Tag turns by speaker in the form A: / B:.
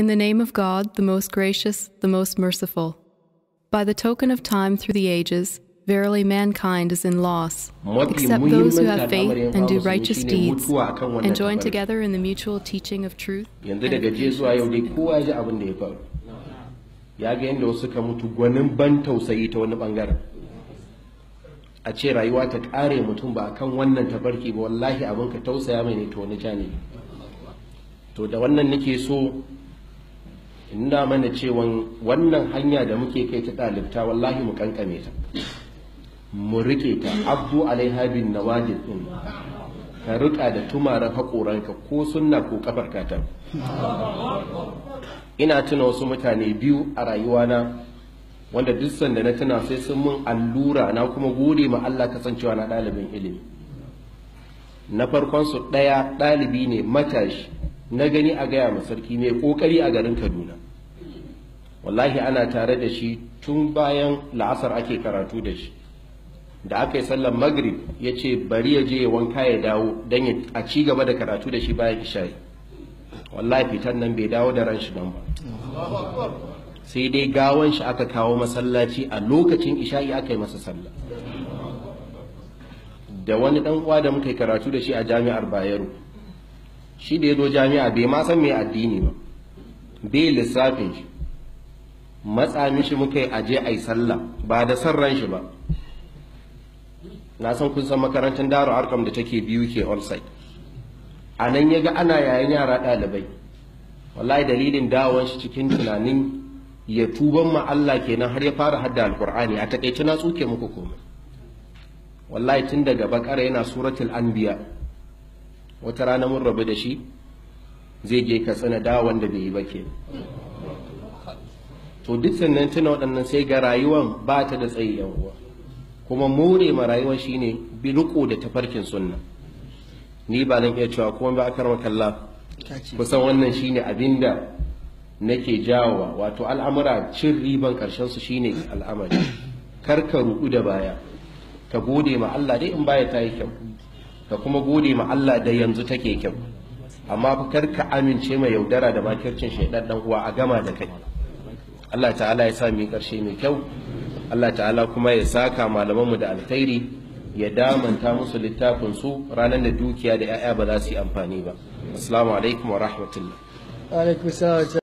A: In the name of God, the most gracious, the most merciful. By the token of time through the ages, verily mankind is in loss, except those who have faith and do righteous deeds and join together in the mutual teaching of truth. a ce rayuwa ta mutum ba akan wannan tabarki ba wallahi abin ka tausaya mai ne wani to da wannan nake so nuna mana cewa wannan hanya da muke kai ta ɗalibta wallahi mu kankame ta mu rike ta abdu alaiha bin nawajid din ka rika da tumaran haƙoranka ko sunna ko kafar ta ina tuna wasu mutane biyu a rayuwana wanda duk sanda na tuna sai sun mun allura na kuma gode ma Allah kasancewa na ɗalibin ilimi na farkon su ɗaya ɗalibi ne matashi na gani a gaya ma sarki ne kokari a garin kaduna wallahi ana tare da shi tun bayan la'asar ake karatu da shi da aka yi sallar maghrib ya ce bari ya je ya wanka ya dawo don a ci gaba da karatu da shi bayan isha'i wallahi fitan nan bai dawo da ran shi nan ba sai dai gawan shi aka kawo masallaci a lokacin isha'i aka yi masa sallah da wani dan uwa da muka yi karatu da shi a jami'ar bayero shi da ya zo jami'a bai ma san mai addini ba bai lissafin shi matsa mishi muka yi aje a yi sallah ba da san ran shi ba na san kun san makarantar daro arkam da take biyu ke onsite a nan ya ga ana yayin yara ɗalibai wallahi dalilin dawon shi cikin tunanin ya tuban ma Allah kenan har ya fara hadda alkur'ani a takaice na tsuke muku komai wallahi tun daga bakara yana suratul anbiya wata rana mun rabu da shi zai je ka tsina da wanda bai yi ba ke to duk sannan tuna waɗannan sai ga rayuwan ba ta da tsayi yan uwa kuma more ma rayuwan shine bi riko da tafarkin sunna ni ba zan iya cewa kuma ba akar makalla kusan wannan shine da nake jawowa wato al'amura cin riban karshen su shine al'amari kar ka ruku da baya ka gode ma Allah dai in baya ta yi kyau ta kuma gode ma Allah da yanzu take kyau amma fa kar ka amince mai yaudara da makircin shaidan dan uwa a gama da kai Allah ta'ala ya sa mu karshe mai kyau Allah ta'ala kuma ya saka malaman mu da alkhairi ya damanta musu littafin su ranar da dukiya da 'ya'ya ba za su yi amfani ba assalamu alaikum wa rahmatullah